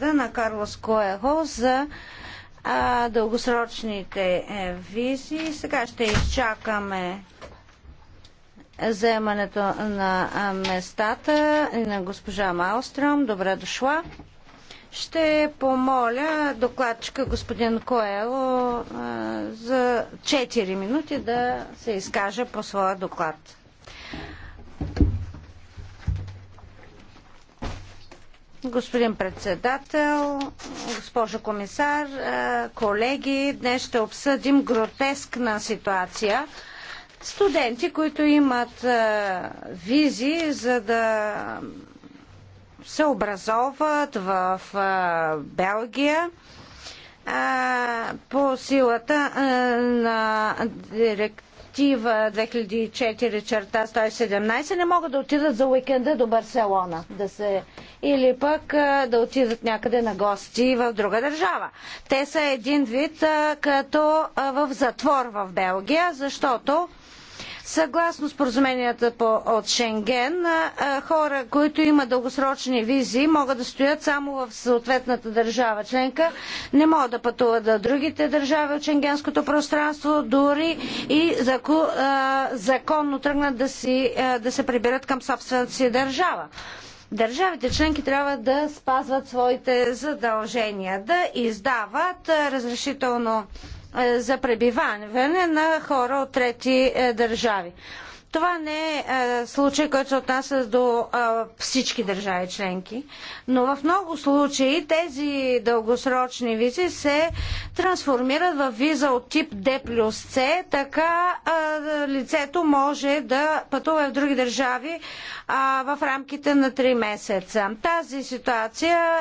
доклада на Карлос Коехо за а, дългосрочните е, визи. Сега ще изчакаме заемането на местата на госпожа Малстром. Добре дошла. Ще помоля докладчика господин Коело за 4 минути да се изкаже по своя доклад. Господин председател, госпожо комисар, колеги, днес ще обсъдим гротескна ситуация. Студенти, които имат визи, за да се образоват в Белгия по силата на директ директива 2004 черта 117 не могат да отидат за уикенда до Барселона да се... или пък да отидат някъде на гости в друга държава. Те са един вид като в затвор в Белгия, защото Съгласно споразуменията по, от Шенген, хора, които имат дългосрочни визи, могат да стоят само в съответната държава членка, не могат да пътуват до другите държави от Шенгенското пространство, дори и зако, а, законно тръгнат да, си, а, да се приберат към собствената си държава. Държавите членки трябва да спазват своите задължения, да издават разрешително е, за пребиваване на хора от трети е, държави. Това не е, е случай, който се отнася до е, всички държави членки, но в много случаи тези дългосрочни визи се трансформират в виза от тип D плюс C, така е, лицето може да пътува в други държави е, в рамките на 3 месеца. Тази ситуация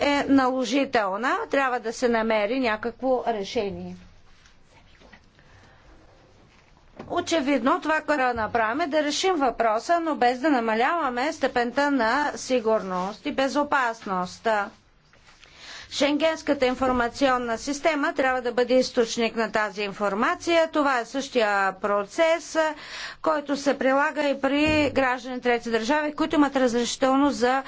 е, е наложителна, трябва да се намери някакво решение. Очевидно това, което направим е да решим въпроса, но без да намаляваме степента на сигурност и безопасност. Шенгенската информационна система трябва да бъде източник на тази информация. Това е същия процес, който се прилага и при граждани трети държави, които имат разрешително за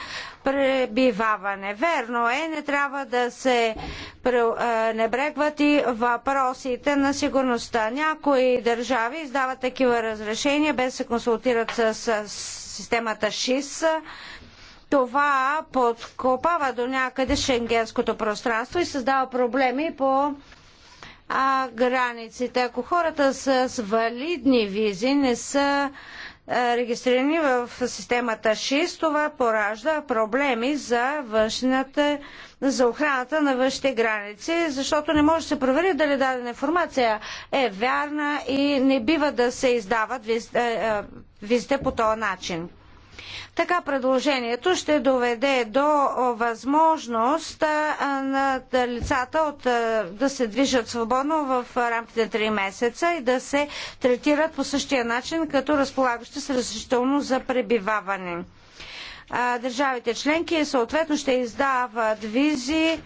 пребиваване. Верно е, не трябва да се пренебрегват и въпросите на сигурността. Някои държави издават такива разрешения без да се консултират с системата ШИС това подкопава до някъде шенгенското пространство и създава проблеми по а, границите. Ако хората с валидни визи не са регистрирани в системата 6, това поражда проблеми за външната, за охраната на външните граници, защото не може да се провери дали дадена информация е вярна и не бива да се издават е, е, визите по този начин. Така предложението ще доведе до възможност на лицата от, да се движат свободно в рамките 3 месеца и да се третират по същия начин като разполагащи с разрешително за пребиваване. Държавите членки съответно ще издават визи,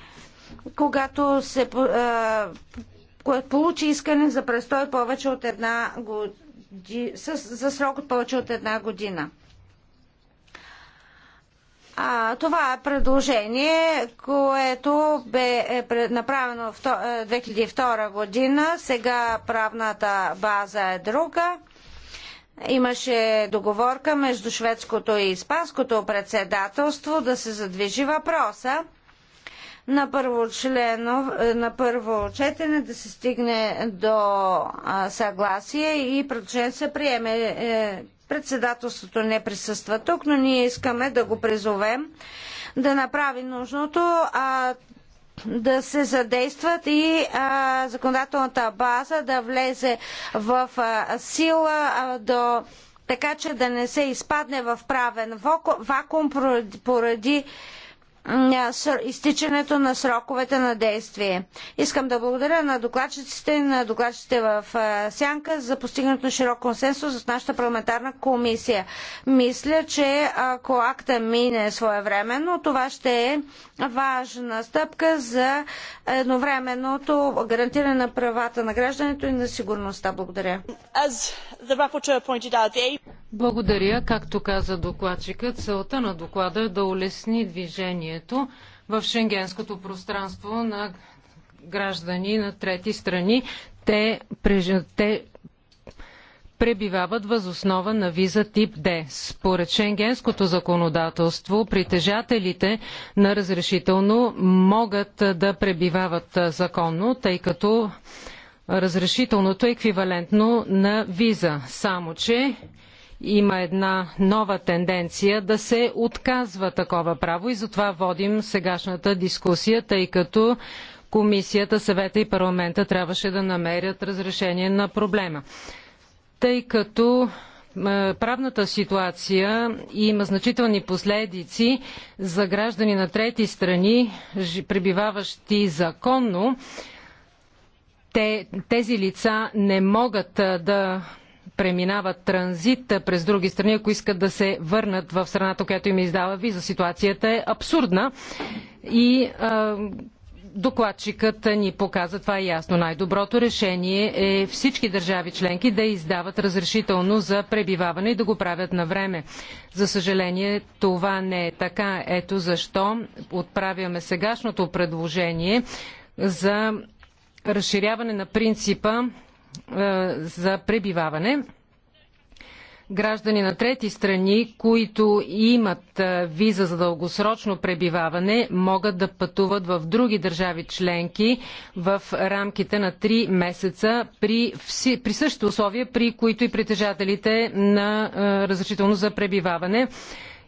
когато се получи искане за престой повече от една година, за срок от повече от една година. А, това е предложение, което бе е направено в 2002 е, година. Сега правната база е друга. Имаше договорка между шведското и испанското председателство да се задвижи въпроса на първо, членов, е, на първо четене да се стигне до съгласие и предложение се приеме. Е, председателството не присъства тук, но ние искаме да го призовем да направи нужното, а да се задействат и а, законодателната база да влезе в а, сила а, до така че да не се изпадне в правен вакуум поради, поради изтичането на сроковете на действие. Искам да благодаря на докладчиците и на докладчиците в Сянка за на широк консенсус с нашата парламентарна комисия. Мисля, че ако акта мине своевременно, това ще е важна стъпка за едновременното гарантиране на правата на гражданите и на сигурността. Благодаря. Благодаря. Както каза докладчика, целта на доклада е да улесни движението в шенгенското пространство на граждани на трети страни. Те, те пребивават въз основа на виза тип Д. Според шенгенското законодателство, притежателите на разрешително могат да пребивават законно, тъй като разрешителното е еквивалентно на виза. Само, че има една нова тенденция да се отказва такова право и затова водим сегашната дискусия, тъй като комисията, съвета и парламента трябваше да намерят разрешение на проблема. Тъй като е, правната ситуация има значителни последици за граждани на трети страни, пребиваващи законно, те, тези лица не могат е, да преминават транзит през други страни, ако искат да се върнат в страната, която им издава виза. Ситуацията е абсурдна и а, докладчикът ни показа, това е ясно. Най-доброто решение е всички държави членки да издават разрешително за пребиваване и да го правят на време. За съжаление, това не е така. Ето защо отправяме сегашното предложение за разширяване на принципа е, за пребиваване. Граждани на трети страни, които имат е, виза за дългосрочно пребиваване, могат да пътуват в други държави членки в рамките на 3 месеца при, вси, при същите условия, при които и притежателите на е, разрешително за пребиваване.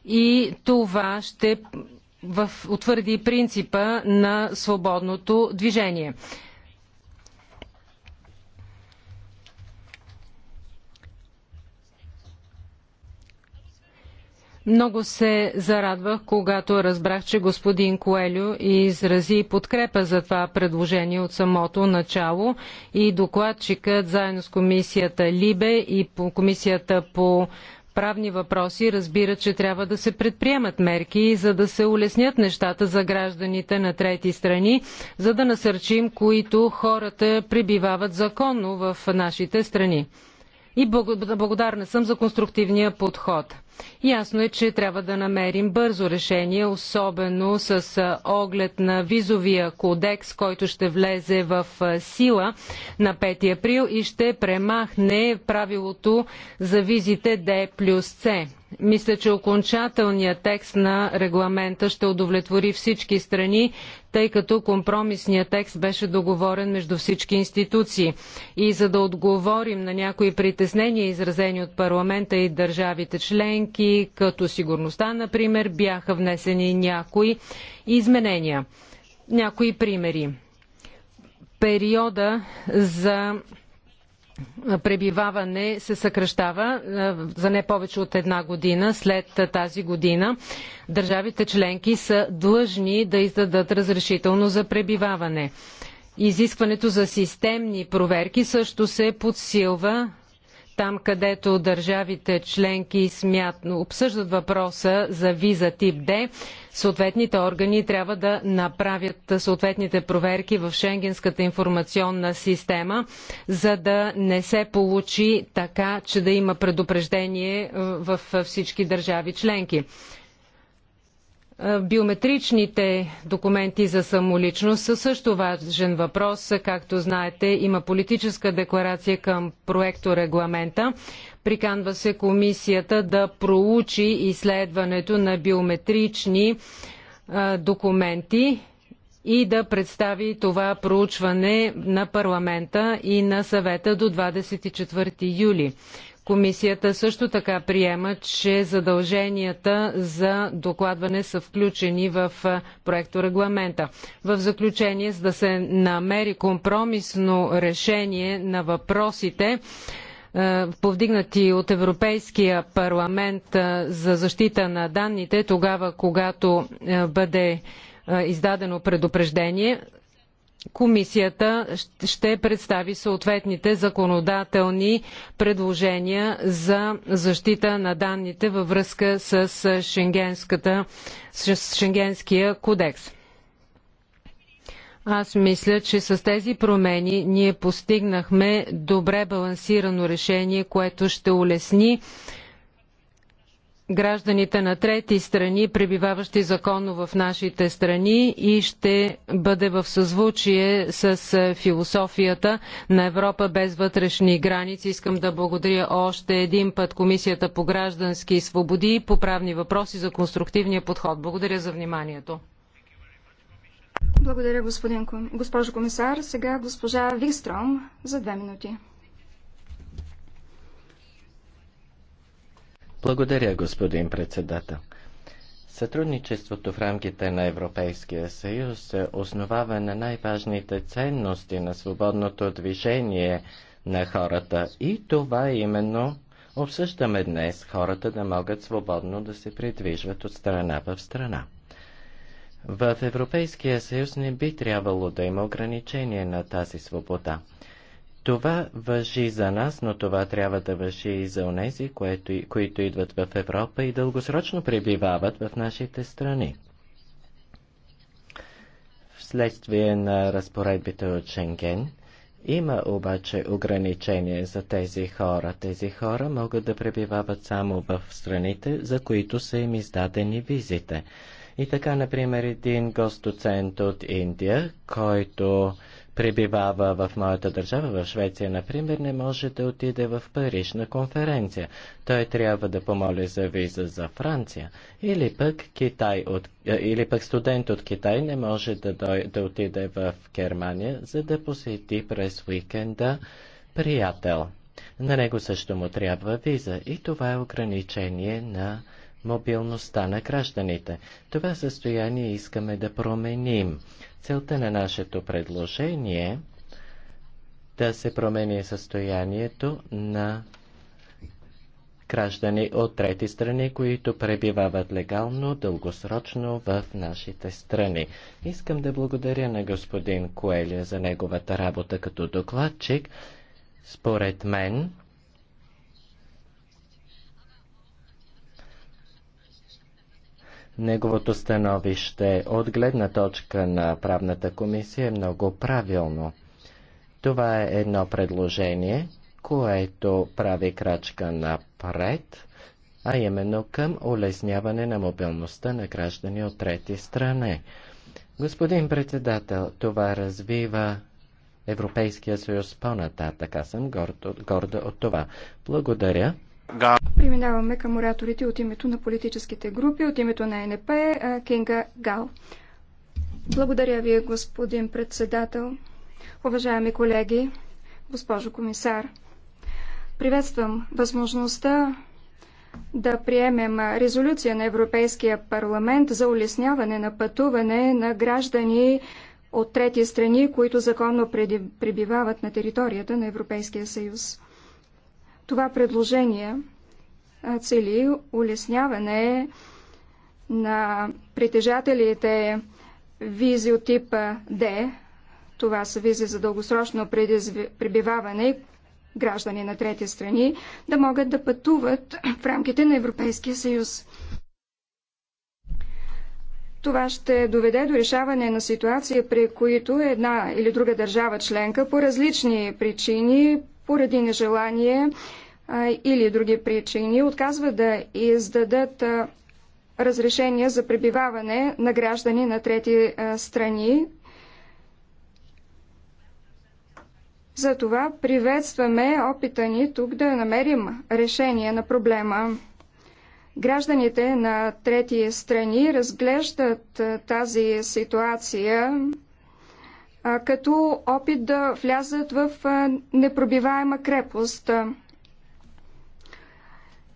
И това ще в, утвърди принципа на свободното движение. Много се зарадвах, когато разбрах, че господин Коелю изрази подкрепа за това предложение от самото начало и докладчикът заедно с комисията Либе и комисията по правни въпроси разбира, че трябва да се предприемат мерки, за да се улеснят нещата за гражданите на трети страни, за да насърчим, които хората прибивават законно в нашите страни и благодарна съм за конструктивния подход. Ясно е, че трябва да намерим бързо решение, особено с оглед на визовия кодекс, който ще влезе в сила на 5 април и ще премахне правилото за визите D плюс C. Мисля, че окончателният текст на регламента ще удовлетвори всички страни, тъй като компромисният текст беше договорен между всички институции. И за да отговорим на някои притеснения, изразени от парламента и държавите членки, като сигурността, например, бяха внесени някои изменения. Някои примери. Периода за пребиваване се съкръщава е, за не повече от една година след тази година. Държавите членки са длъжни да издадат разрешително за пребиваване. Изискването за системни проверки също се подсилва там където държавите членки смят, обсъждат въпроса за виза тип Д, съответните органи трябва да направят съответните проверки в Шенгенската информационна система, за да не се получи така, че да има предупреждение е, в всички държави членки. Е, биометричните документи за самоличност са също важен въпрос. Както знаете, има политическа декларация към проекторегламента. регламента. Приканва се комисията да проучи изследването на биометрични е, документи и да представи това проучване на парламента и на съвета до 24 юли. Комисията също така приема, че задълженията за докладване са включени в проекто регламента. В заключение, за да се намери компромисно решение на въпросите, повдигнати от Европейския парламент за защита на данните, тогава когато бъде издадено предупреждение, комисията ще представи съответните законодателни предложения за защита на данните във връзка с, с Шенгенския кодекс. Аз мисля, че с тези промени ние постигнахме добре балансирано решение, което ще улесни гражданите на трети страни, пребиваващи законно в нашите страни и ще бъде в съзвучие с е, философията на Европа без вътрешни граници. Искам да благодаря още един път Комисията по граждански свободи и по правни въпроси за конструктивния подход. Благодаря за вниманието. Благодаря, господин, госпожо комисар. Сега госпожа Вистром за две минути. Благодаря, господин председател. Сътрудничеството в рамките на Европейския съюз се основава на най-важните ценности на свободното движение на хората и това именно обсъждаме днес хората да могат свободно да се придвижват от страна в страна. В Европейския съюз не би трябвало да има ограничение на тази свобода. Това въжи за нас, но това трябва да въжи и за онези, което, които идват в Европа и дългосрочно пребивават в нашите страни. Вследствие на разпоредбите от Шенген, има обаче ограничение за тези хора. Тези хора могат да пребивават само в страните, за които са им издадени визите. И така, например, един гостоцент от Индия, който пребивава в моята държава, в Швеция, например, не може да отиде в Париж на конференция. Той трябва да помоли за виза за Франция. Или пък, Китай от, е, или пък студент от Китай не може да, дой, да отиде в Германия, за да посети през уикенда приятел. На него също му трябва виза и това е ограничение на мобилността на гражданите. Това състояние искаме да променим. Целта на нашето предложение е да се промени състоянието на граждани от трети страни, които пребивават легално, дългосрочно в нашите страни. Искам да благодаря на господин Коелия за неговата работа като докладчик. Според мен, Неговото становище от гледна точка на правната комисия е много правилно. Това е едно предложение, което прави крачка напред, а именно към улесняване на мобилността на граждани от трети страни. Господин председател, това развива Европейския съюз по-нататък. Аз съм горд, горда от това. Благодаря. Преминаваме към ораторите от името на политическите групи, от името на НП Кинга Гал. Благодаря ви, господин председател, уважаеми колеги, госпожо комисар. Приветствам възможността да приемем резолюция на Европейския парламент за улесняване на пътуване на граждани от трети страни, които законно пребивават на територията на Европейския съюз. Това предложение цели улесняване на притежателите визи от типа Д, това са визи за дългосрочно пребиваване, граждани на трети страни, да могат да пътуват в рамките на Европейския съюз. Това ще доведе до решаване на ситуация, при които една или друга държава членка по различни причини поради нежелание или други причини отказват да издадат разрешение за пребиваване на граждани на трети страни. Затова приветстваме опита ни тук да намерим решение на проблема. Гражданите на трети страни разглеждат тази ситуация като опит да влязат в непробиваема крепост.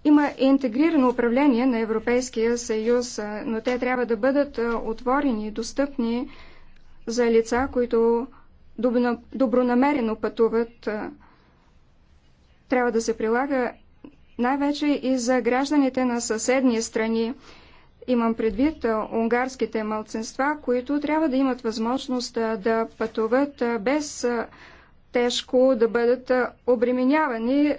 Има интегрирано управление на Европейския съюз, но те трябва да бъдат отворени и достъпни за лица, които добронамерено пътуват. Трябва да се прилага най-вече и за гражданите на съседни страни. Имам предвид унгарските мълценства, които трябва да имат възможност да пътуват без тежко да бъдат обременявани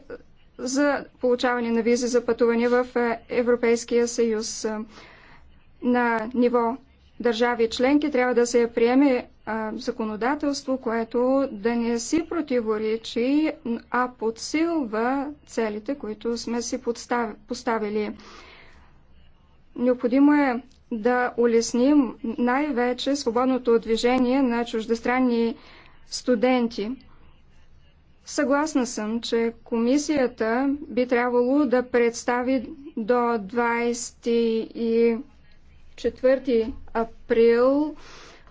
за получаване на визи за пътуване в Европейския съюз. На ниво държави членки трябва да се приеме законодателство, което да не си противоречи, а подсилва целите, които сме си поставили. Необходимо е да улесним най-вече свободното движение на чуждестранни студенти. Съгласна съм, че комисията би трябвало да представи до 24 април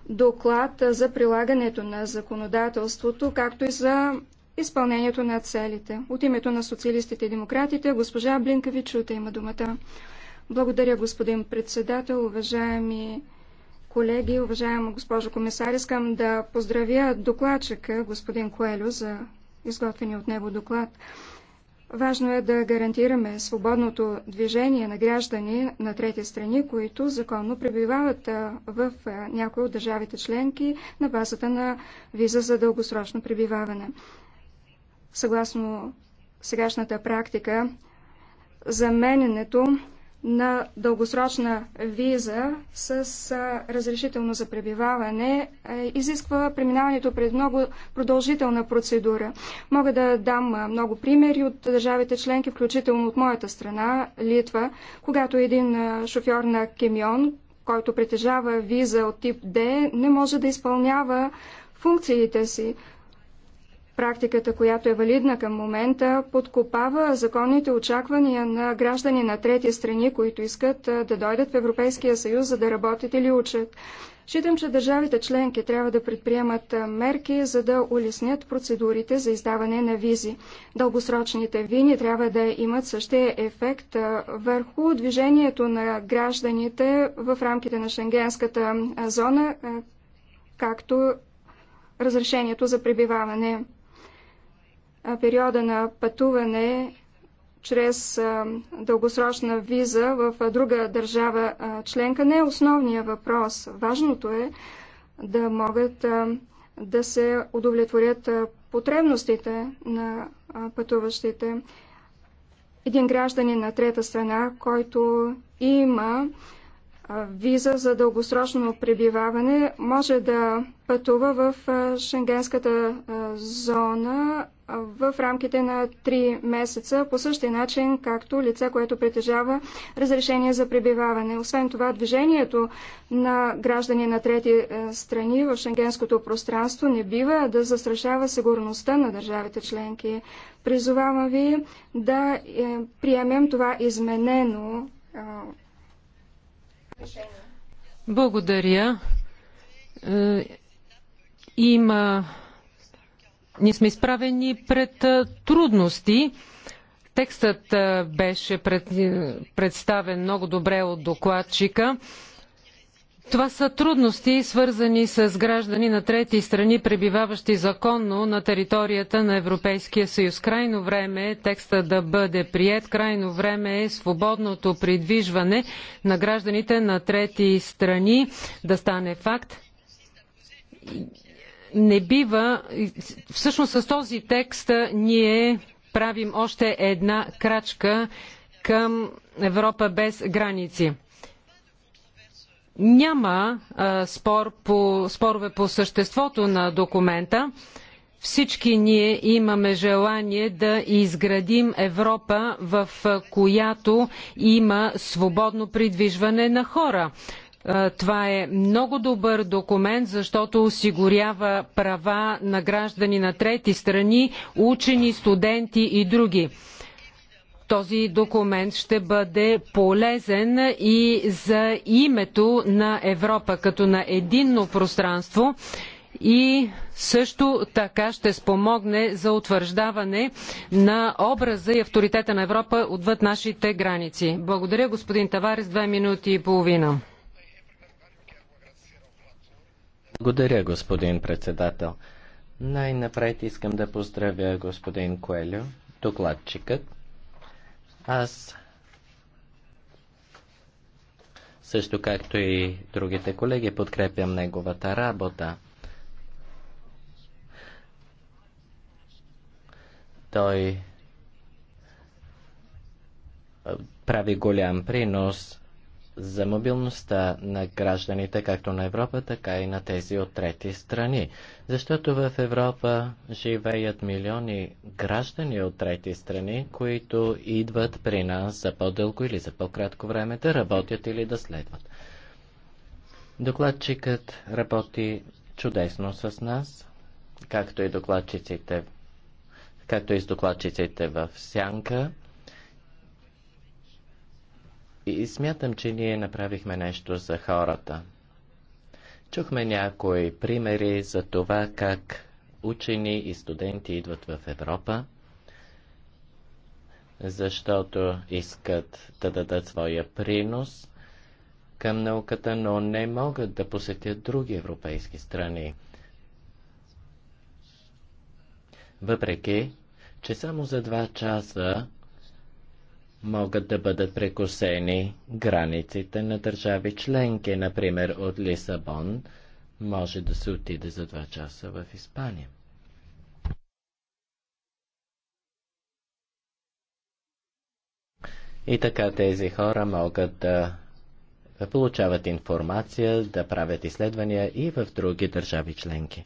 доклад за прилагането на законодателството, както и за изпълнението на целите. От името на социалистите и демократите, госпожа Блинкавичута има думата. Благодаря, господин председател, уважаеми колеги, уважаема госпожо комисар. Искам да поздравя докладчика, господин Коелю, за изготвения от него доклад. Важно е да гарантираме свободното движение на граждани на трети страни, които законно пребивават в някои от държавите членки на базата на виза за дългосрочно пребиваване. Съгласно сегашната практика, замененето на дългосрочна виза с разрешително за пребиваване изисква преминаването пред много продължителна процедура. Мога да дам много примери от държавите членки, включително от моята страна, Литва, когато един шофьор на кемион, който притежава виза от тип Д, не може да изпълнява функциите си. Практиката, която е валидна към момента, подкопава законните очаквания на граждани на трети страни, които искат да дойдат в Европейския съюз, за да работят или учат. Считам, че държавите членки трябва да предприемат мерки, за да улеснят процедурите за издаване на визи. Дългосрочните вини трябва да имат същия ефект върху движението на гражданите в рамките на шенгенската зона, както разрешението за пребиваване периода на пътуване чрез дългосрочна виза в друга държава членка не е основния въпрос. Важното е да могат да се удовлетворят потребностите на пътуващите. Един гражданин на трета страна, който има виза за дългосрочно пребиваване, може да пътува в Шенгенската зона в рамките на 3 месеца по същия начин, както лице, което притежава разрешение за пребиваване. Освен това, движението на граждани на трети е, страни в шенгенското пространство не бива да застрашава сигурността на държавите членки. Призовавам ви да е, приемем това изменено е, решение. Благодаря. Има ние сме изправени пред трудности. Текстът беше пред, е, представен много добре от докладчика. Това са трудности, свързани с граждани на трети страни, пребиваващи законно на територията на Европейския съюз. Крайно време е текста да бъде прият, крайно време е свободното придвижване на гражданите на трети страни да стане факт не бива, всъщност с този текст ние правим още една крачка към Европа без граници. Няма а, спор по, спорове по съществото на документа. Всички ние имаме желание да изградим Европа, в която има свободно придвижване на хора. Това е много добър документ, защото осигурява права на граждани на трети страни, учени, студенти и други. Този документ ще бъде полезен и за името на Европа като на единно пространство и също така ще спомогне за утвърждаване на образа и авторитета на Европа отвъд нашите граници. Благодаря господин Таварес, две минути и половина. Благодаря, господин председател. Най-напред искам да поздравя господин Коелю, докладчикът. Аз също както и другите колеги подкрепям неговата работа. Той прави голям принос за мобилността на гражданите, както на Европа, така и на тези от трети страни. Защото в Европа живеят милиони граждани от трети страни, които идват при нас за по-дълго или за по-кратко време да работят или да следват. Докладчикът работи чудесно с нас, както и докладчиците, както и с докладчиците в Сянка. И смятам, че ние направихме нещо за хората. Чухме някои примери за това как учени и студенти идват в Европа, защото искат да дадат своя принос към науката, но не могат да посетят други европейски страни. Въпреки, че само за два часа могат да бъдат прекусени границите на държави членки. Например, от Лисабон може да се отиде за два часа в Испания. И така тези хора могат да получават информация, да правят изследвания и в други държави членки.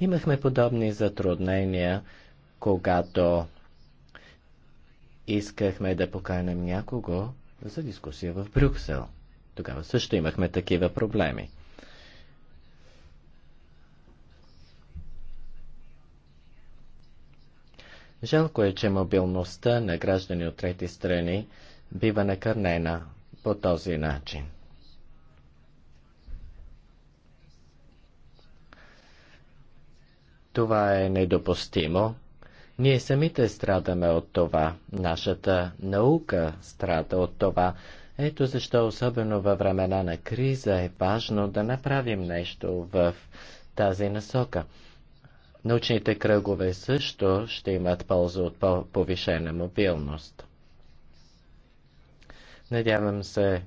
Имахме подобни затруднения, когато искахме да поканем някого за дискусия в Брюксел. Тогава също имахме такива проблеми. Жалко е, че мобилността на граждани от трети страни бива накърнена по този начин. Това е недопустимо. Ние самите страдаме от това. Нашата наука страда от това. Ето защо, особено във времена на криза, е важно да направим нещо в тази насока. Научните кръгове също ще имат полза от повишена мобилност. Надявам се,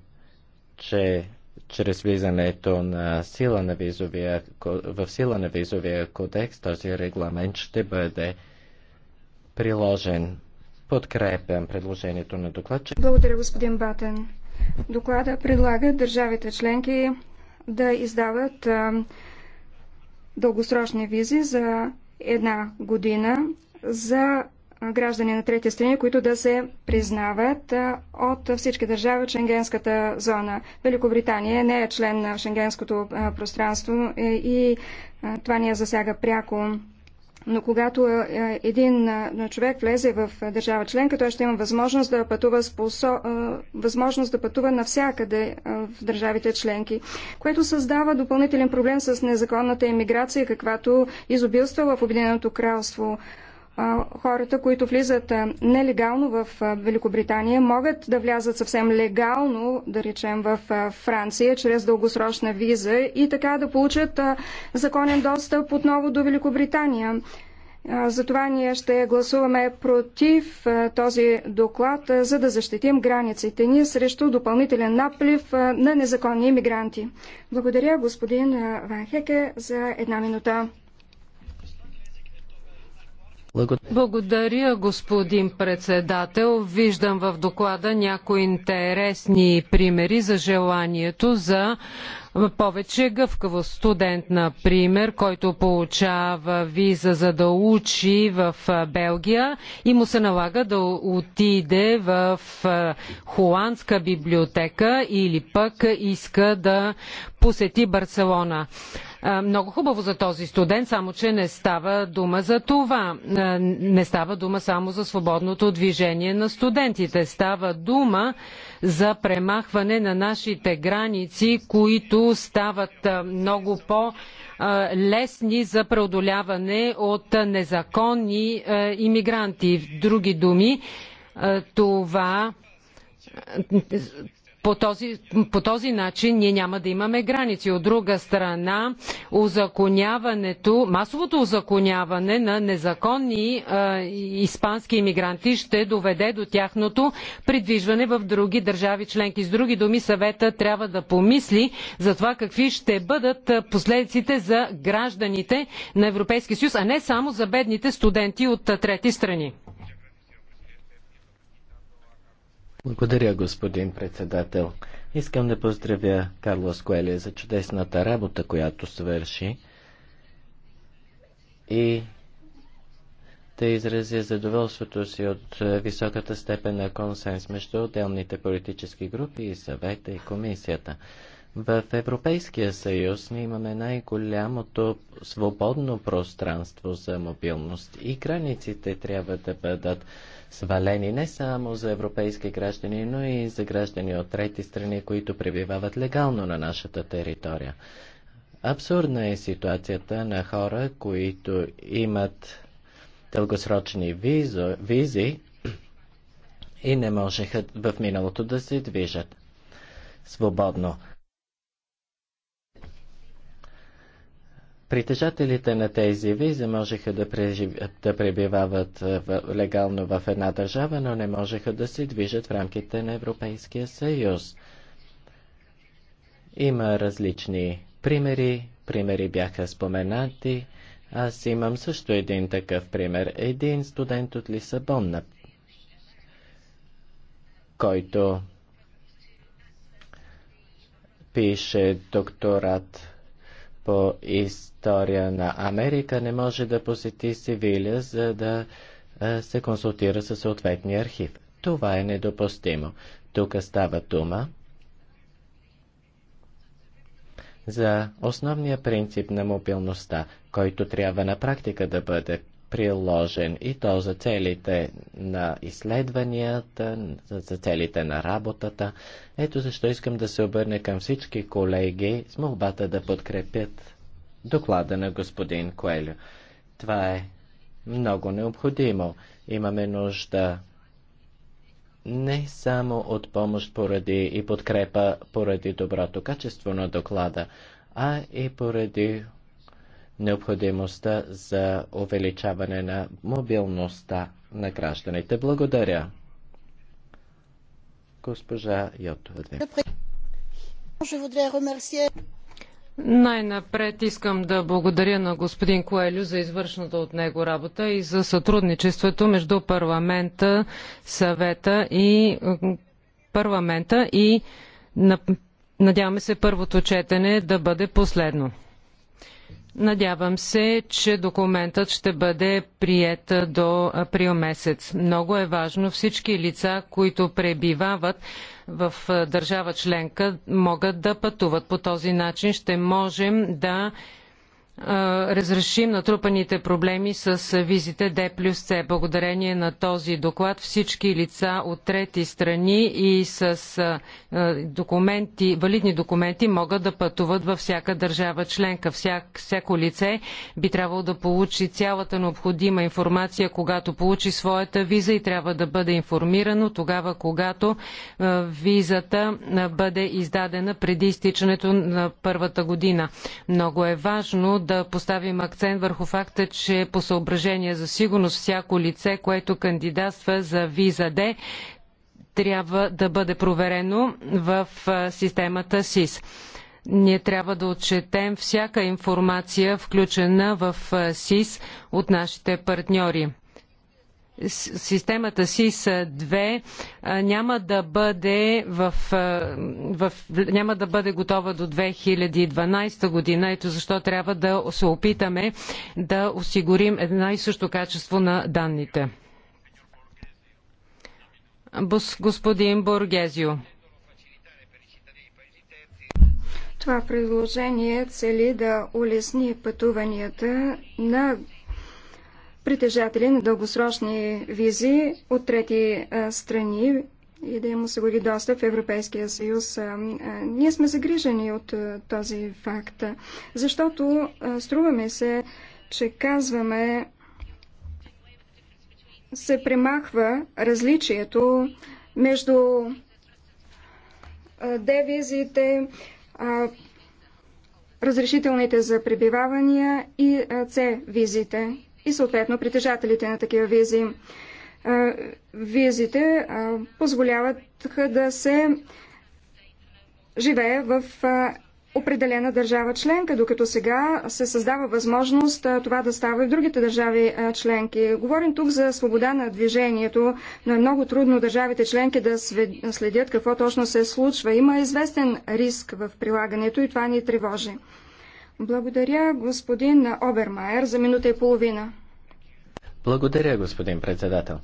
че чрез влизането на сила на визовия, в сила на визовия кодекс този регламент ще бъде приложен. Подкрепям предложението на докладчик. Благодаря, господин Батен. Доклада предлага държавите членки да издават а, дългосрочни визи за една година за граждани на трети страни, които да се признават от всички държави от Шенгенската зона. Великобритания не е член на Шенгенското пространство е, и това ни е засяга пряко. Но когато един човек влезе в държава членка, той ще има възможност да пътува, спосо... възможност да пътува навсякъде в държавите членки, което създава допълнителен проблем с незаконната иммиграция, каквато изобилства в Обединеното кралство хората, които влизат нелегално в Великобритания, могат да влязат съвсем легално, да речем в Франция, чрез дългосрочна виза и така да получат законен достъп отново до Великобритания. Затова ние ще гласуваме против този доклад, за да защитим границите ни срещу допълнителен наплив на незаконни иммигранти. Благодаря господин Ванхеке за една минута. Благодаря, господин председател. Виждам в доклада някои интересни примери за желанието за повече гъвкавост. Студент, например, който получава виза за да учи в Белгия и му се налага да отиде в холандска библиотека или пък иска да посети Барселона. Много хубаво за този студент, само че не става дума за това. Не става дума само за свободното движение на студентите. Става дума за премахване на нашите граници, които стават много по-лесни за преодоляване от незаконни имигранти. В други думи, това по този, по този начин ние няма да имаме граници. От друга страна, узаконяването, масовото узаконяване на незаконни а, е, испански иммигранти ще доведе до тяхното придвижване в други държави членки. С други думи, съвета трябва да помисли за това какви ще бъдат е, последиците за гражданите на Европейския съюз, а не само за бедните студенти от е, трети страни. Благодаря, господин председател. Искам да поздравя Карлос Коелия за чудесната работа, която свърши и да изразя задоволството си от е, високата степен на консенс между отделните политически групи и съвета и комисията. В Европейския съюз ние имаме най-голямото свободно пространство за мобилност и границите трябва да бъдат свалени не само за европейски граждани, но и за граждани от трети страни, които пребивават легално на нашата територия. Абсурдна е ситуацията на хора, които имат дългосрочни визо, визи и не можеха в миналото да се движат свободно. Притежателите на тези визи можеха да, прежив... да пребивават е, в... легално в една държава, но не можеха да се движат в рамките на Европейския съюз. Има различни примери. Примери бяха споменати. Аз имам също един такъв пример. Един студент от Лисабон, който пише докторат по история на Америка не може да посети Севиля, за да се консултира със съответния архив. Това е недопустимо. Тук става дума за основния принцип на мобилността, който трябва на практика да бъде приложен и то за целите на изследванията, за целите на работата. Ето защо искам да се обърне към всички колеги с молбата да подкрепят доклада на господин Коелю. Това е много необходимо. Имаме нужда не само от помощ поради и подкрепа поради доброто качество на доклада, а и поради необходимостта за увеличаване на мобилността на гражданите. Благодаря. Госпожа Йотова. Най-напред искам да благодаря на господин Коелю за извършната от него работа и за сътрудничеството между парламента, съвета и парламента и надяваме се първото четене да бъде последно. Надявам се, че документът ще бъде прият до април месец. Много е важно всички лица, които пребивават в държава членка, могат да пътуват. По този начин ще можем да разрешим натрупаните проблеми с визите D плюс C. Благодарение на този доклад всички лица от трети страни и с документи, валидни документи могат да пътуват във всяка държава членка. всяко лице би трябвало да получи цялата необходима информация, когато получи своята виза и трябва да бъде информирано тогава, когато визата бъде издадена преди изтичането на първата година. Много е важно да да поставим акцент върху факта, че по съображение за сигурност всяко лице, което кандидатства за виза Д, трябва да бъде проверено в системата СИС. Ние трябва да отчетем всяка информация, включена в СИС от нашите партньори системата СИС-2 няма да бъде в, в, няма да бъде готова до 2012 година. Ето защо трябва да се опитаме да осигурим една и също качество на данните. Господин Боргезио. Това предложение цели да улесни пътуванията на притежатели на дългосрочни визи от трети страни и да им осигури достъп в Европейския съюз. Ние сме загрижени от този факт, защото струваме се, че казваме, се премахва различието между девизите, разрешителните за пребивавания и С визите и съответно притежателите на такива визи. Визите позволяват да се живее в определена държава членка, докато сега се създава възможност това да става и в другите държави членки. Говорим тук за свобода на движението, но е много трудно държавите членки да следят какво точно се случва. Има известен риск в прилагането и това ни тревожи. Благодаря, господин Обермайер, за минута и половина. Благодаря, господин председател.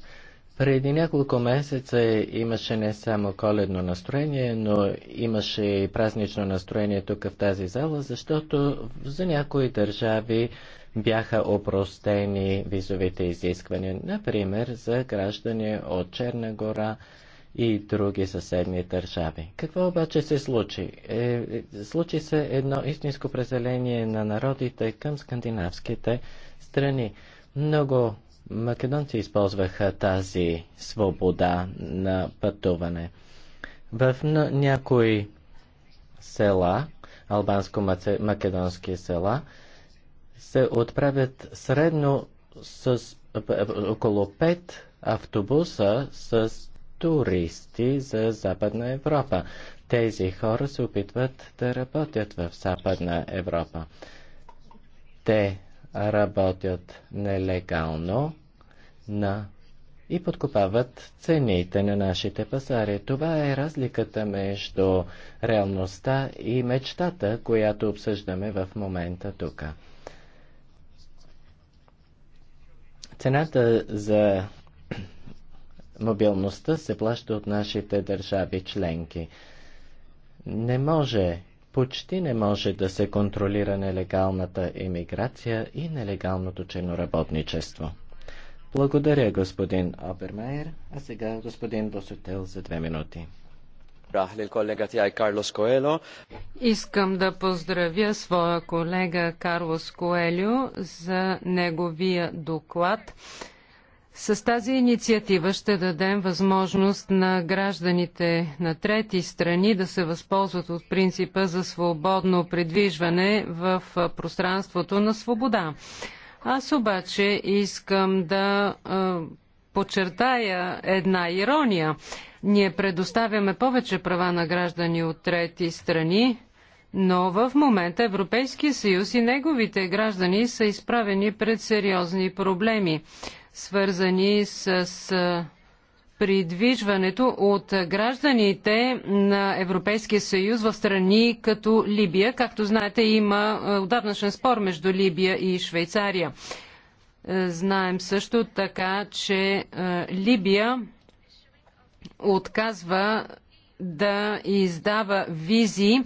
Преди няколко месеца имаше не само коледно настроение, но имаше и празнично настроение тук в тази зала, защото за някои държави бяха опростени визовите изисквания. Например, за граждани от Черна гора, и други съседни държави. Какво обаче се случи? Е, е случи се едно истинско преселение на народите към скандинавските страни. Много македонци използваха тази свобода на пътуване. В някои села, албанско-македонски села, се отправят средно с около 5 автобуса с туристи за Западна Европа. Тези хора се опитват да работят в Западна Европа. Те работят нелегално на и подкопават цените на нашите пазари. Това е разликата между реалността и мечтата, която обсъждаме в момента тук. Цената за мобилността се плаща от нашите държави членки. Не може, почти не може да се контролира нелегалната емиграция и нелегалното черноработничество. Благодаря, господин Обермайер. А сега господин Босотел за две минути. Искам да поздравя своя колега Карлос Коелю за неговия доклад с тази инициатива ще дадем възможност на гражданите на трети страни да се възползват от принципа за свободно придвижване в пространството на свобода. Аз обаче искам да подчертая една ирония. Ние предоставяме повече права на граждани от трети страни, но в момента Европейския съюз и неговите граждани са изправени пред сериозни проблеми свързани с придвижването от гражданите на Европейския съюз в страни като Либия. Както знаете, има отдавнашен спор между Либия и Швейцария. Знаем също така, че Либия отказва да издава визи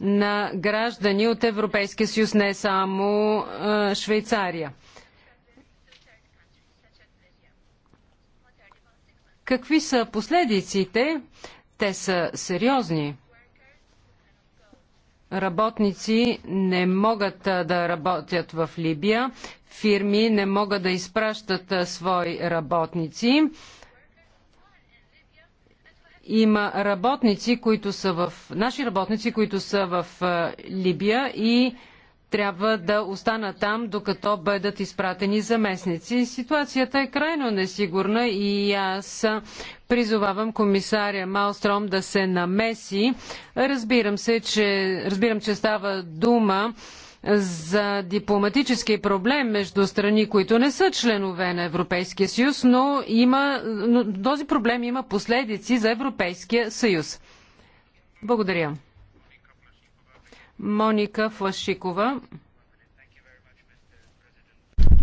на граждани от Европейския съюз, не само Швейцария. Какви са последиците? Те са сериозни. Работници не могат да работят в Либия, фирми не могат да изпращат свои работници. Има работници, които са в, наши работници, които са в Либия и трябва да остана там, докато бъдат изпратени заместници. Ситуацията е крайно несигурна и аз призовавам комисаря Малстром да се намеси. Разбирам, се, че, разбирам, че става дума за дипломатически проблем между страни, които не са членове на Европейския съюз, но, има, но този проблем има последици за Европейския съюз. Благодаря. Моника Флашикова.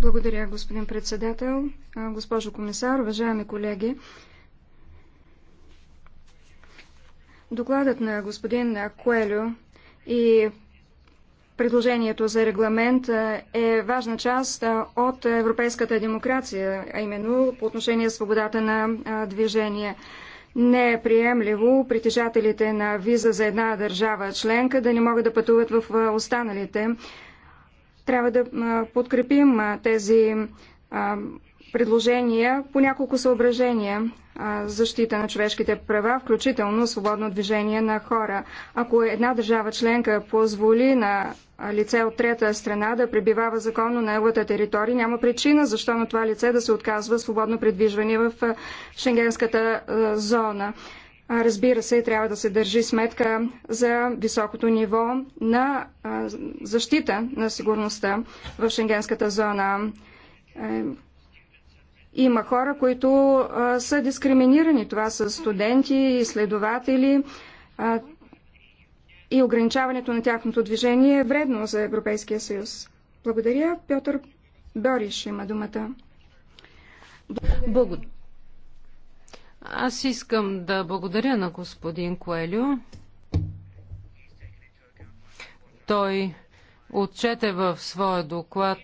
Благодаря, господин председател, госпожо комисар, уважаеми колеги. Докладът на господин Коелю и предложението за регламент е важна част от европейската демокрация, а именно по отношение свободата на движение. Не е приемливо притежателите на виза за една държава членка да не могат да пътуват в останалите. Трябва да подкрепим тези предложения по няколко съображения защита на човешките права, включително свободно движение на хора. Ако една държава членка позволи на лице от трета страна да пребивава законно на неговата територия, няма причина защо на това лице да се отказва свободно придвижване в шенгенската зона. Разбира се, трябва да се държи сметка за високото ниво на защита на сигурността в шенгенската зона е, има хора, които а, са дискриминирани. Това са студенти, изследователи а, и ограничаването на тяхното движение е вредно за Европейския съюз. Благодаря. Пьотър Бориш има думата. Благодаря. Аз искам да благодаря на господин Коелю. Той отчете в своя доклад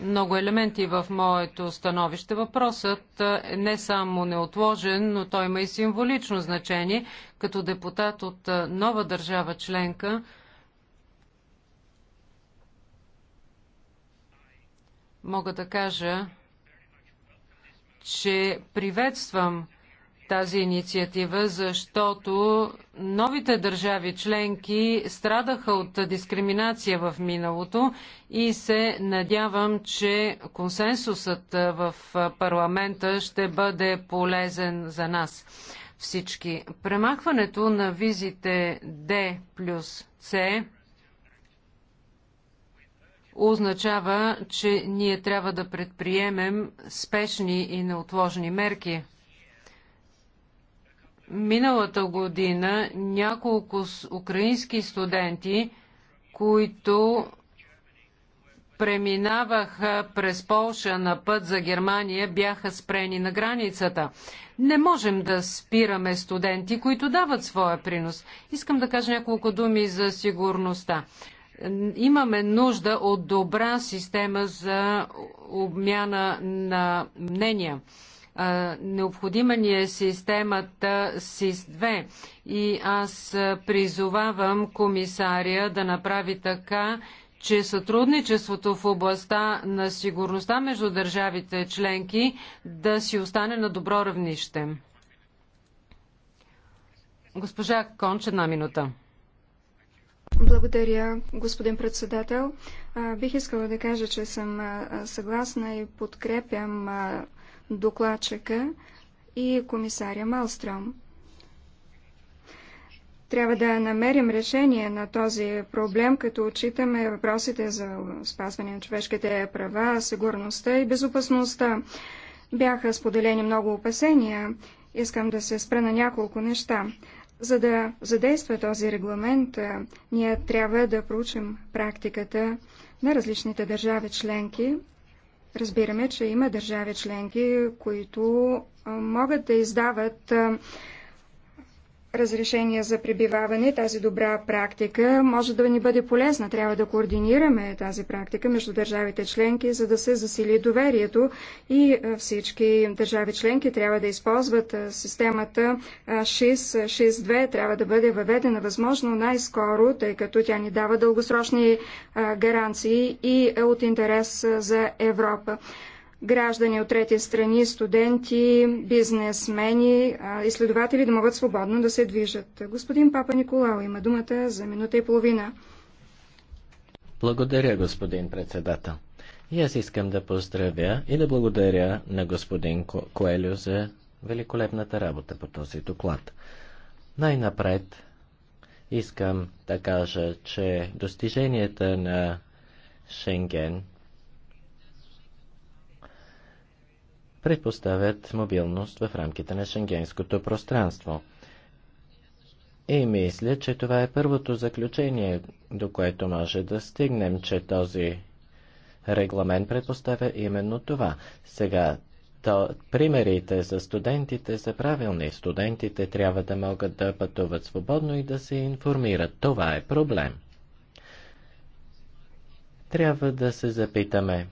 много елементи в моето становище. Въпросът е не само неотложен, но той има и символично значение. Като депутат от нова държава членка, мога да кажа, че приветствам тази инициатива, защото новите държави членки страдаха от дискриминация в миналото и се надявам, че консенсусът в парламента ще бъде полезен за нас всички. Премахването на визите D плюс C означава, че ние трябва да предприемем спешни и неотложни мерки – Миналата година няколко украински студенти, които преминаваха през Полша на път за Германия, бяха спрени на границата. Не можем да спираме студенти, които дават своя принос. Искам да кажа няколко думи за сигурността. Имаме нужда от добра система за обмяна на мнения. Необходима ни е системата СИС-2 и аз призовавам комисария да направи така, че сътрудничеството в областта на сигурността между държавите членки да си остане на добро равнище. Госпожа Конч, една минута. Благодаря, господин председател. Бих искала да кажа, че съм съгласна и подкрепям докладчика и комисаря Малстром. Трябва да намерим решение на този проблем, като отчитаме въпросите за спазване на човешките права, сигурността и безопасността. Бяха споделени много опасения. Искам да се спра на няколко неща. За да задейства този регламент, ние трябва да проучим практиката на различните държави членки Разбираме, че има държави членки, които могат да издават разрешения за пребиваване, тази добра практика може да ни бъде полезна. Трябва да координираме тази практика между държавите членки, за да се засили доверието и всички държави членки трябва да използват системата 662, трябва да бъде въведена възможно най-скоро, тъй като тя ни дава дългосрочни гаранции и е от интерес за Европа граждани от трети страни, студенти, бизнесмени, изследователи да могат свободно да се движат. Господин Папа Николао има думата за минута и половина. Благодаря, господин председател. И аз искам да поздравя и да благодаря на господин Коелю за великолепната работа по този доклад. Най-напред искам да кажа, че достиженията на Шенген предпоставят мобилност в рамките на шенгенското пространство. И мисля, че това е първото заключение, до което може да стигнем, че този регламент предпоставя именно това. Сега, то, примерите за студентите са правилни. Студентите трябва да могат да пътуват свободно и да се информират. Това е проблем. Трябва да се запитаме,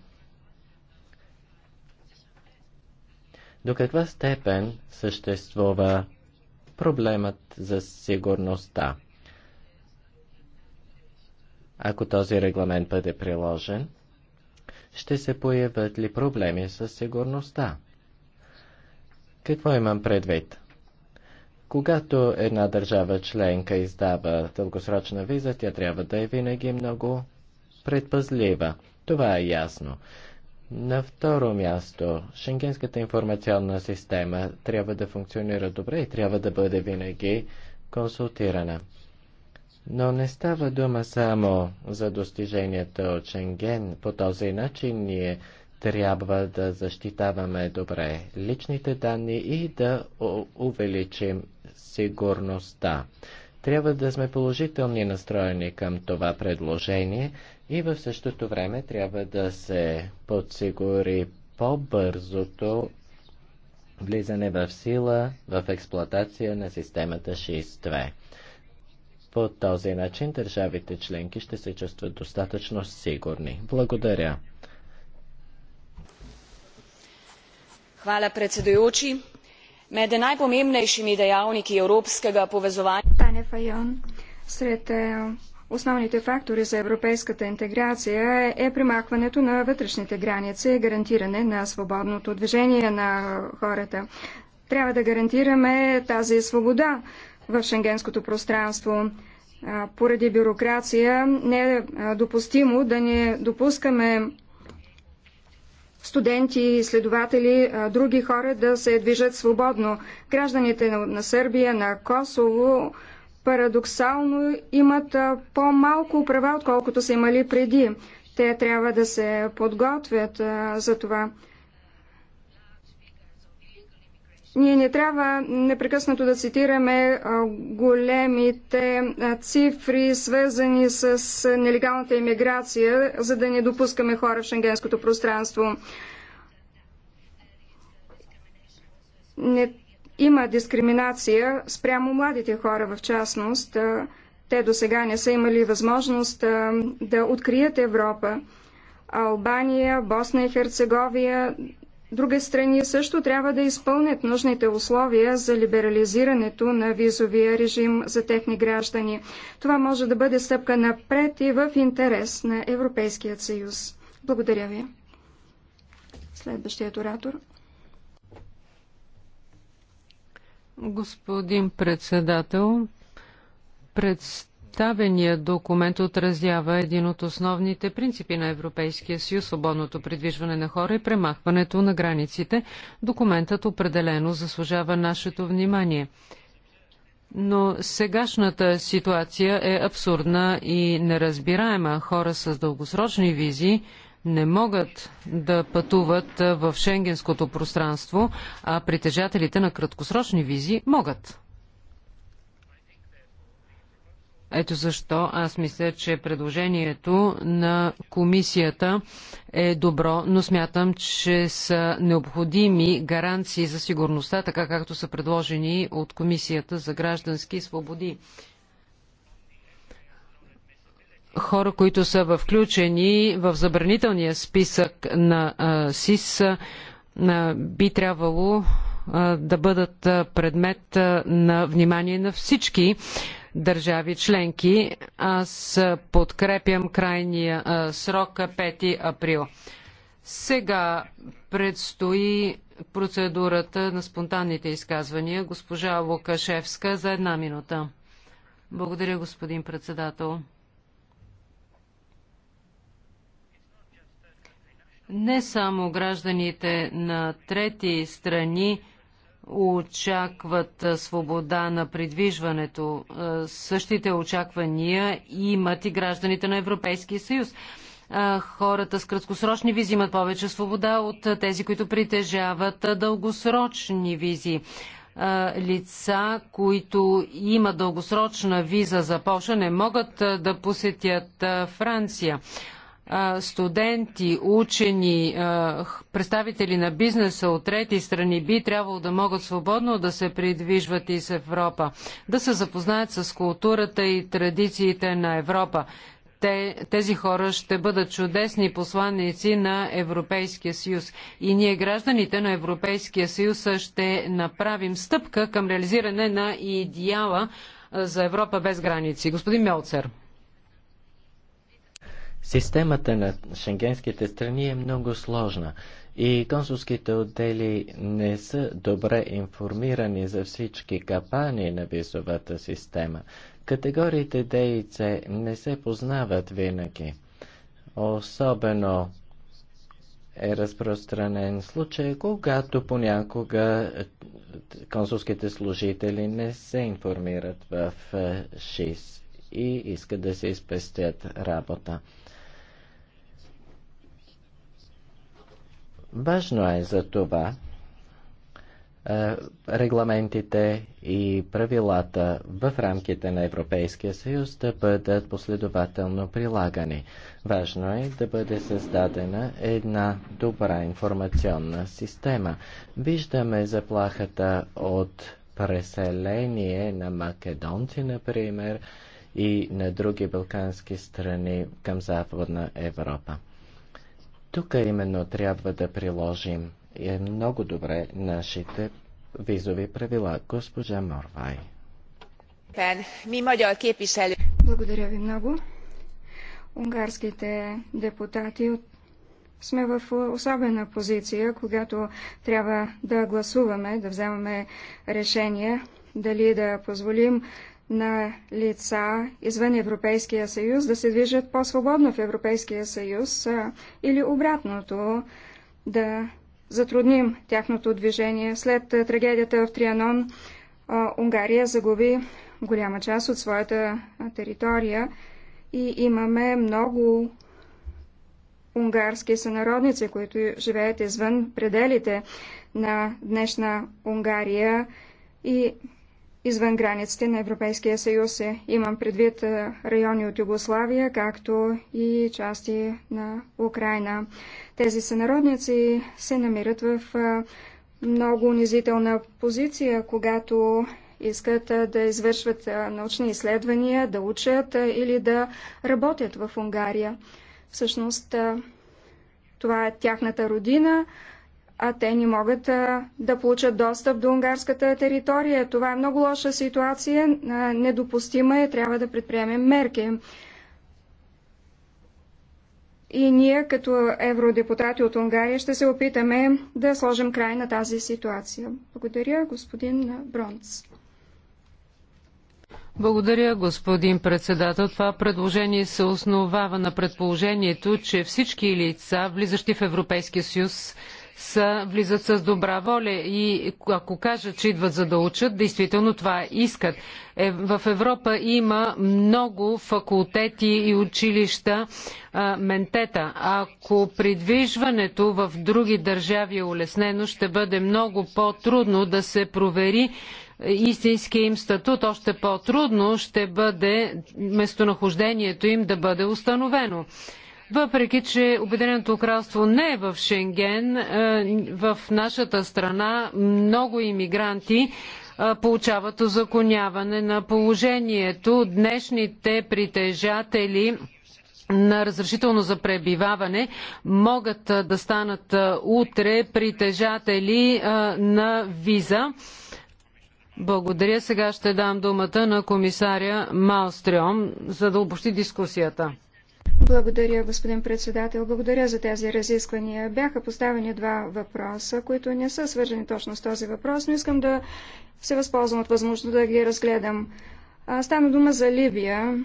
До каква степен съществува проблемът за сигурността? Ако този регламент бъде приложен, ще се появят ли проблеми с сигурността? Какво имам предвид? Когато една държава членка издава дългосрочна виза, тя трябва да е винаги много предпазлива. Това е ясно. На второ място, Шенгенската информационна система трябва да функционира добре и трябва да бъде винаги консултирана. Но не става дума само за достиженията от Шенген. По този начин ние трябва да защитаваме добре личните данни и да увеличим сигурността. Трябва да сме положителни настроени към това предложение и в същото време трябва да се подсигури по-бързото влизане в сила в експлоатация на системата 6.2. По този начин държавите членки ще се чувстват достатъчно сигурни. Благодаря. Hvala predsedujoči. Med najpomembnejšimi dejavniki evropskega povezovanja. Srete eh, Основните фактори за европейската интеграция е примахването на вътрешните граници и гарантиране на свободното движение на хората. Трябва да гарантираме тази свобода в шенгенското пространство. Поради бюрокрация не е допустимо да не допускаме студенти, изследователи, други хора да се движат свободно. Гражданите на Сърбия, на Косово, парадоксално имат по-малко права, отколкото са имали преди. Те трябва да се подготвят за това. Ние не трябва непрекъснато да цитираме големите цифри, свързани с нелегалната иммиграция, за да не допускаме хора в шенгенското пространство. Не има дискриминация спрямо младите хора в частност. Те до сега не са имали възможност да открият Европа. Албания, Босна и Херцеговия, други страни също трябва да изпълнят нужните условия за либерализирането на визовия режим за техни граждани. Това може да бъде стъпка напред и в интерес на Европейският съюз. Благодаря ви. Следващият оратор. Господин председател, представеният документ отразява един от основните принципи на Европейския съюз – свободното придвижване на хора и премахването на границите. Документът определено заслужава нашето внимание. Но сегашната ситуация е абсурдна и неразбираема. Хора с дългосрочни визии – не могат да пътуват в шенгенското пространство, а притежателите на краткосрочни визи могат. Ето защо аз мисля, че предложението на комисията е добро, но смятам, че са необходими гаранции за сигурността, така както са предложени от комисията за граждански свободи хора, които са включени в забранителния списък на СИС, би трябвало да бъдат предмет на внимание на всички държави членки. Аз подкрепям крайния срок 5 април. Сега предстои процедурата на спонтанните изказвания. Госпожа Лукашевска за една минута. Благодаря, господин председател. Не само гражданите на трети страни очакват свобода на придвижването. Същите очаквания имат и гражданите на Европейския съюз. Хората с краткосрочни визи имат повече свобода от тези, които притежават дългосрочни визи лица, които имат дългосрочна виза за Польша, не могат да посетят Франция студенти, учени, представители на бизнеса от трети страни би трябвало да могат свободно да се придвижват из Европа, да се запознаят с културата и традициите на Европа. Те, тези хора ще бъдат чудесни посланници на Европейския съюз. И ние, гражданите на Европейския съюз, ще направим стъпка към реализиране на идеала за Европа без граници. Господин Мелцер. Системата на шенгенските страни е много сложна и консулските отдели не са добре информирани за всички капани на визовата система. Категориите D и C не се познават винаги. Особено е разпространен случай, когато понякога консулските служители не се информират в ШИС и искат да се изпестят работа. Важно е за това е, регламентите и правилата в рамките на Европейския съюз да бъдат последователно прилагани. Важно е да бъде създадена една добра информационна система. Виждаме заплахата от преселение на македонци, например, и на други балкански страни към Западна Европа тук именно трябва да приложим е много добре нашите визови правила. Госпожа Морвай. Благодаря ви много. Унгарските депутати сме в особена позиция, когато трябва да гласуваме, да вземаме решение дали да позволим на лица извън Европейския съюз да се движат по-свободно в Европейския съюз или обратното да затрудним тяхното движение. След трагедията в Трианон Унгария загуби голяма част от своята територия и имаме много унгарски сънародници, които живеят извън пределите на днешна Унгария и извън границите на Европейския съюз. Е, имам предвид е, райони от Югославия, както и части на Украина. Тези сънародници се намират в е, много унизителна позиция, когато искат да извършват научни изследвания, да учат или да работят в Унгария. Всъщност, това е тяхната родина, а те не могат а, да получат достъп до унгарската територия. Това е много лоша ситуация, а, недопустима е, трябва да предприемем мерки. И ние, като евродепутати от Унгария, ще се опитаме да сложим край на тази ситуация. Благодаря, господин Бронц. Благодаря, господин председател. Това предложение се основава на предположението, че всички лица, влизащи в Европейския съюз, са, влизат с добра воля и ако кажат, че идват за да учат, действително това искат. Е, в Европа има много факултети и училища а, ментета. Ако придвижването в други държави е улеснено, ще бъде много по-трудно да се провери истинския им статут, още по-трудно ще бъде местонахождението им да бъде установено. Въпреки, че Обединеното кралство не е в Шенген, е, в нашата страна много иммигранти е, получават озаконяване на положението. Днешните притежатели на разрешително за пребиваване могат е, да станат утре притежатели на виза. Благодаря. Сега ще дам думата на комисаря Малстрем, за да обобщи дискусията. Благодаря, господин председател. Благодаря за тези разисквания. Бяха поставени два въпроса, които не са свързани точно с този въпрос, но искам да се възползвам от възможността да ги разгледам. Стана дума за Либия.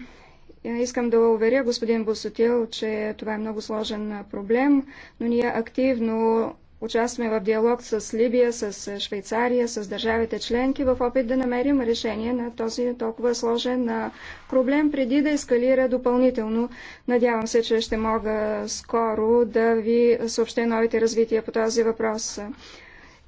Е, искам да уверя господин Босотил, че това е много сложен проблем, но ние активно Участваме в диалог с Либия, с Швейцария, с държавите членки в опит да намерим решение на този толкова сложен проблем, преди да ескалира допълнително. Надявам се, че ще мога скоро да ви съобщя новите развития по този въпрос.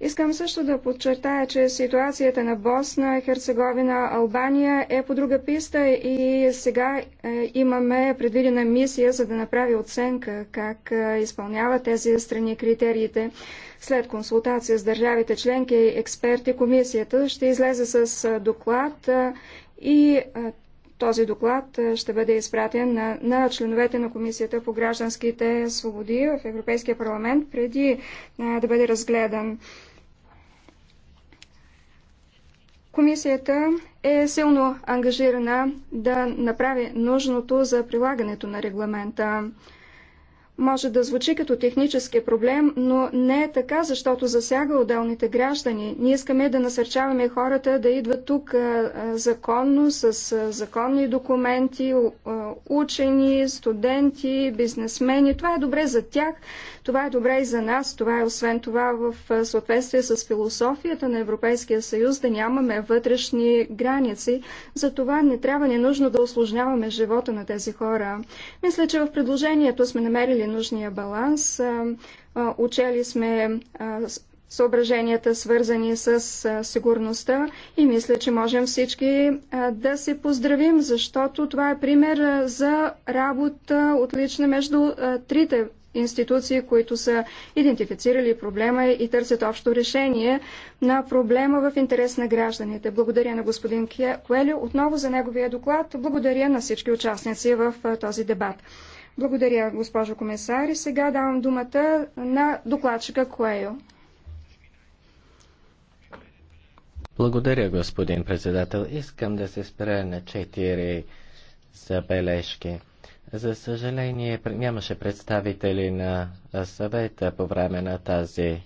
Искам също да подчертая, че ситуацията на Босна, Херцеговина, Албания е по друга писта и сега е, имаме предвидена мисия, за да направи оценка как е, изпълнява тези страни критериите. След консултация с държавите членки и експерти, комисията ще излезе с е, доклад и този доклад ще бъде изпратен на, на членовете на Комисията по гражданските свободи в Европейския парламент преди а, да бъде разгледан. Комисията е силно ангажирана да направи нужното за прилагането на регламента може да звучи като технически проблем, но не е така, защото засяга отделните граждани. Ние искаме да насърчаваме хората да идват тук законно, с законни документи, учени, студенти, бизнесмени. Това е добре за тях, това е добре и за нас, това е освен това в съответствие с философията на Европейския съюз да нямаме вътрешни граници. За това не трябва нужно да осложняваме живота на тези хора. Мисля, че в предложението сме намерили намерили нужния баланс. Учели сме съображенията, свързани с сигурността и мисля, че можем всички да се поздравим, защото това е пример за работа отлична между трите институции, които са идентифицирали проблема и търсят общо решение на проблема в интерес на гражданите. Благодаря на господин Куелю отново за неговия доклад. Благодаря на всички участници в този дебат. Благодаря, госпожо комисар. И сега давам думата на докладчика Куео. Благодаря, господин председател. Искам да се спра на четири забележки. За съжаление, нямаше представители на съвета по време на тази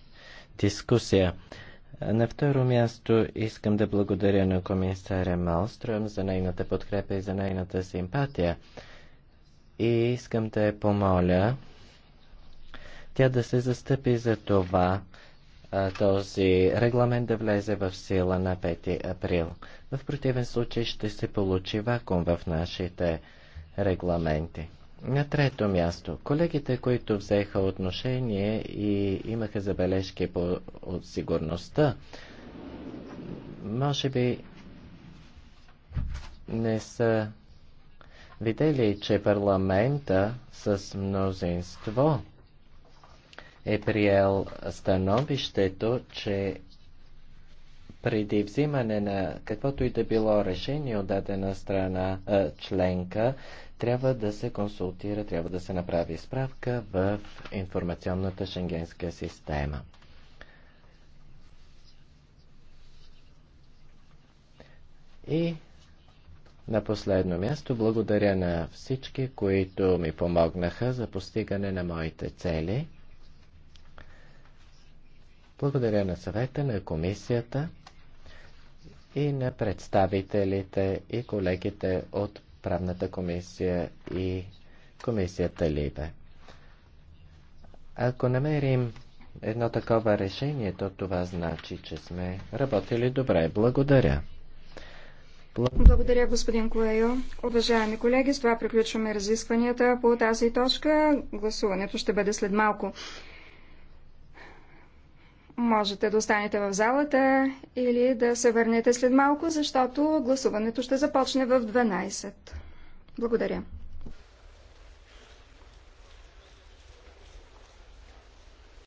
дискусия. На второ място искам да благодаря на комисаря Малстром за нейната подкрепа и за нейната симпатия и искам да я помоля тя да се застъпи за това а, този регламент да влезе в сила на 5 април. В противен случай ще се получи вакуум в нашите регламенти. На трето място, колегите, които взеха отношение и имаха забележки по, от сигурността, може би не са видели, че парламента с мнозинство е приел становището, че преди взимане на каквото и да било решение от дадена страна а, членка, трябва да се консултира, трябва да се направи справка в информационната шенгенска система. И на последно място благодаря на всички, които ми помогнаха за постигане на моите цели. Благодаря на съвета, на комисията и на представителите и колегите от правната комисия и комисията Либе. Ако намерим едно такова решение, то това значи, че сме работили добре. Благодаря. Благодаря, господин Коейо. Уважаеми колеги, с това приключваме разискванията по тази точка. Гласуването ще бъде след малко. Можете да останете в залата или да се върнете след малко, защото гласуването ще започне в 12. Благодаря.